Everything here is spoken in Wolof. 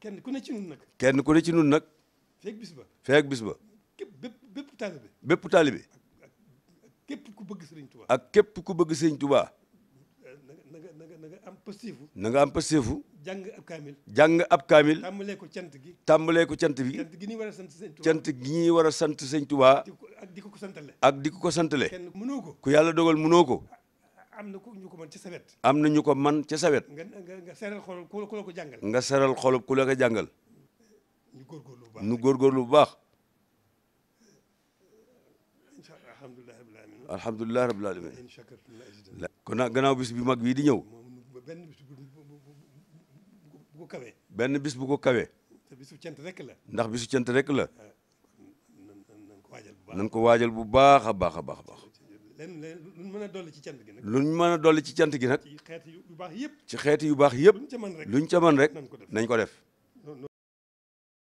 kenn ku ne ci nun nag. kenn ku ne ci nun nag. feeg bis ba feeg bis ba. képp bépp bépp taalibe. bépp taalibe. ak képp ku bëgg Serigne Touba. ak képp ku bëgg Serigne Touba. Eh, na nga na nga na nga am pasteefu. na nga am pasteefu. jàng ab kaamil. jàng ab kaamil. tàmbalee ko cant gi. tàmbalee ko cant bi. cant gi ñuy war a sant Serigne Touba. cant gi ñuy war a sant Serigne Touba. ak di ko ko santale. ak di ko ko santale. kenn mënoo ko. ku yàlla dogal mënoo ko. am na ñu ko mën ci sa am na ko man ci sa wet. nga nga seral xol ku la ko jàngal. nga seral xol ku la ko jàngal. ñu góorgóorlu bu baax ñu góorgóorlu bu baax. alhamdulilah rabbil alamin kon nag gannaaw bis bi mag bii di ñëw. benn bis bu ko kawe. benn bis bu ko kawe. te bisu cant rek la. ndax bisu cant rek la. Ah, nan ko waajal bu baax ko waajal bu baax a baax a baax a baax. lenn luñ mën a dolli ci cant gi nag. luñ mën a dolli ci cant gi nag. ci xeeti yu baax yëpp. ci xeeti yu baax yëpp. luñ ca mën rek nañ ko def.